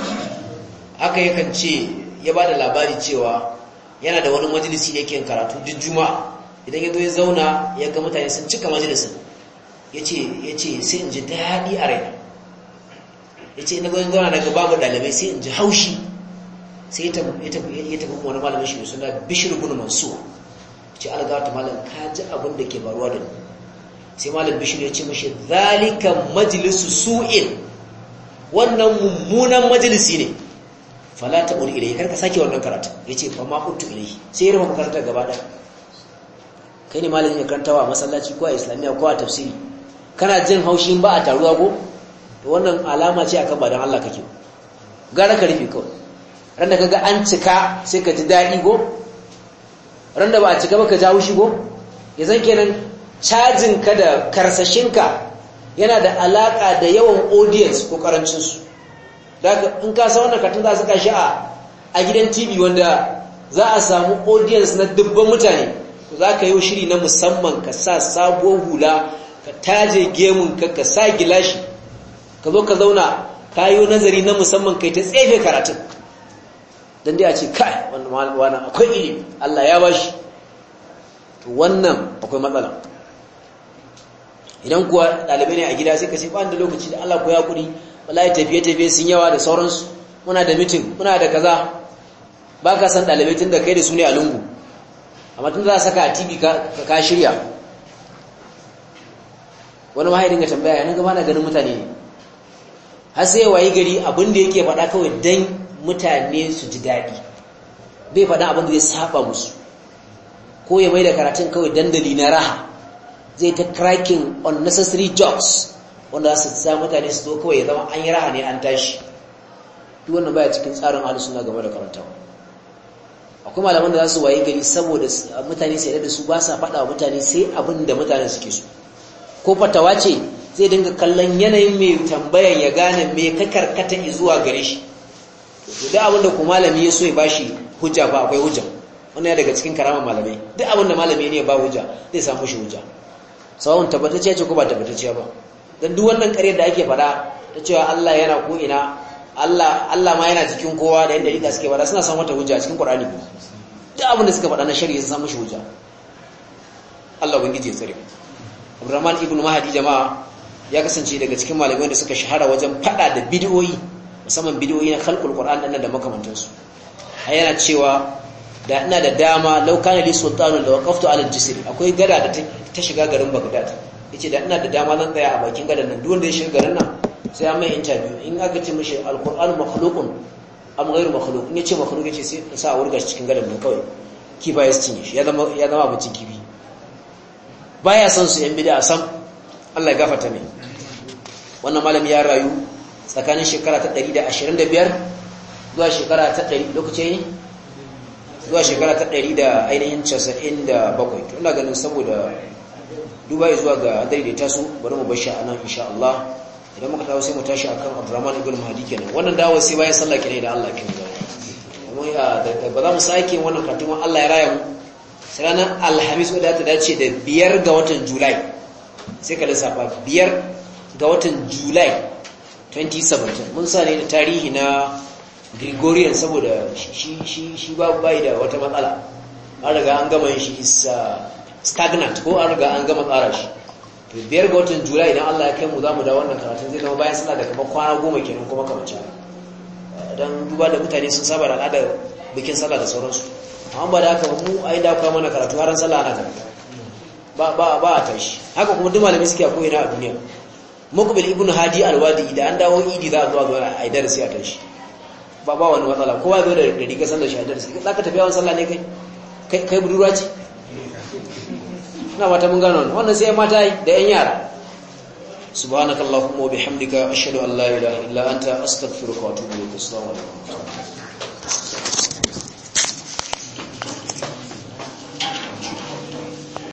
haka yakan ce ya ba da labari cewa yana da wani majalisi da yake karatu duk juma'a idan ya zo ya zauna ya ga mutane sun cika majalisin ya ce sai in ji daɗi a rai ya ce ina gwanin zauna daga babu ɗalibai sai in ji haushi sai ya tafi wani malamin shi suna bishir bin mansur ce algawata malam ka ji abin da ke baruwa da sai malam bishir ya ce mashi zalika majalisu su'in wannan mummunan majalisi ne falata wani ɓuri ilai karka sake wannan karata ya ce ba hutu ilai sai ya rufe makaranta gaba da kai ne malamin ya karantawa a masallaci ko a islamiyya ko a tafsiri kana jin haushin ba a taruwa ko wannan alama ce akan ba don allah kake gara ka rufe kawai Randa kaga an cika sai ka ji daɗi go randa ba a cika ba ka jawo shi go ya zan kenan cajin ka da ka yana da alaƙa da yawan audience ko karancinsu in ka sa wannan katin za su kashi a a gidan tv wanda za a samu audience na dubban mutane za ka yi shiri na musamman ka sa sabuwar hula ka taje gemun ka ka sa gilashi ka zo ka zauna ka yi nazari na musamman kai ta tsefe karatun dan dai a ce kai wannan akwai ilimi Allah ya bashi to wannan akwai matsala idan kuwa ɗalibai ne a gida sai ka ce ba da lokaci da Allah ko ya kuri wallahi tafiye-tafiye sun yawa da sauransu muna da mitin muna da kaza ba ka san ɗalibai tun da kai da su ne a lungu amma tun za saka a tv ka ka shirya wani mahaifin ga tambaya yana gaba na ganin mutane ne har sai wayi gari abin da yake faɗa kawai dan mutane su ji daɗi bai faɗa abin da zai saba musu ko ya mai da karatun kawai dandali na raha zai ta cracking unnecessary jobs wanda za su sa mutane su zo kawai ya zama an yi raha ne an tashi duk wannan baya cikin tsarin hali suna game da karantawa akwai malaman da za su waye gari saboda mutane sai da su ba sa faɗa wa mutane sai abin da mutane suke so ko fatawa ce zai dinga kallon yanayin mai tambayan ya gane me ka karkata zuwa gare shi duk abinda ko malami ya so ya bashi hujja ba akwai hujja wannan ya daga cikin karama malamai duk abinda malami ne ya ba hujja zai samu shi hujja sawun tabbatacciya ce ko ba tabbatacciya ba dan duk wannan ƙarya da ake faɗa ta cewa Allah yana ko ina Allah Allah ma yana cikin kowa da yanda yake suke faɗa suna samu wata hujja cikin Qur'ani duk abinda suka faɗa na shari'a sun samu shi hujja Allah ubangiji ya tsare Abdurrahman ibn Mahdi jama'a ya kasance daga cikin malamai da suka shahara wajen fada da bid'o'i musamman bidiyoyi na khalqul qur'an din da makamantansu ai yana cewa da ina da dama laukan li sultanu da waqaftu ala al-jisr akwai gada da ta shiga garin bagdad yace da ina da dama zan tsaya a bakin gadan nan duk wanda ya shiga garin nan sai an mai interview in aka ce mishi al-qur'an makhluqun am ghayru makhluq in yace makhluq yace sai sa a wurga cikin gadan nan kawai ba ya cinye shi ya zama ya zama abincin kibi baya son su yan bid'a sam Allah ya gafarta ne. wannan malami ya rayu tsakanin shekara ta 125 zuwa shekara ta 100 lokacin zuwa shekara ta 100 da ainihin 97 to ina ganin saboda duba zuwa ga hadari da taso bari mu bashi a nan insha Allah idan muka dawo sai mu tashi akan Abdurrahman ibn Mahdi kenan wannan dawo sai bayan sallah kenan ah, da Allah kin ga mu ya da ba za mu sake wannan karatun Allah ya raya mu sai Alhamis da ta dace da biyar ga watan Julai sai ka lissafa biyar ga watan Julai 2017 mun sa ne da tarihi na gregorian saboda shi ba bai da wata matsala an riga an gama shi uh, stagnant ko an riga an gama tsara shi to biyar ga watan julai idan allah ya kai mu za mu da wannan karatun zai zama bayan suna da kamar kwana goma kenan kuma kamar eh, don duba da mutane sun saba da al'adar bikin sallah da sauransu amma ba da haka mu a yi kuma mana karatu har sallah ana ba ba ba a tashi haka kuma duk malami suke a na a duniya mukbil ibn hadi alwadi da an dawo idi za a a zo a idar sai a tashi ba ba wani matsala kowa zo da san sallar shi a idar sai zaka tafi yawan sallah ne kai kai budurwa ce na mata mun gano wannan sai mata da yan yara subhanakallahumma wa bihamdika ashhadu an la ilaha illa anta astaghfiruka wa atubu ilaik assalamu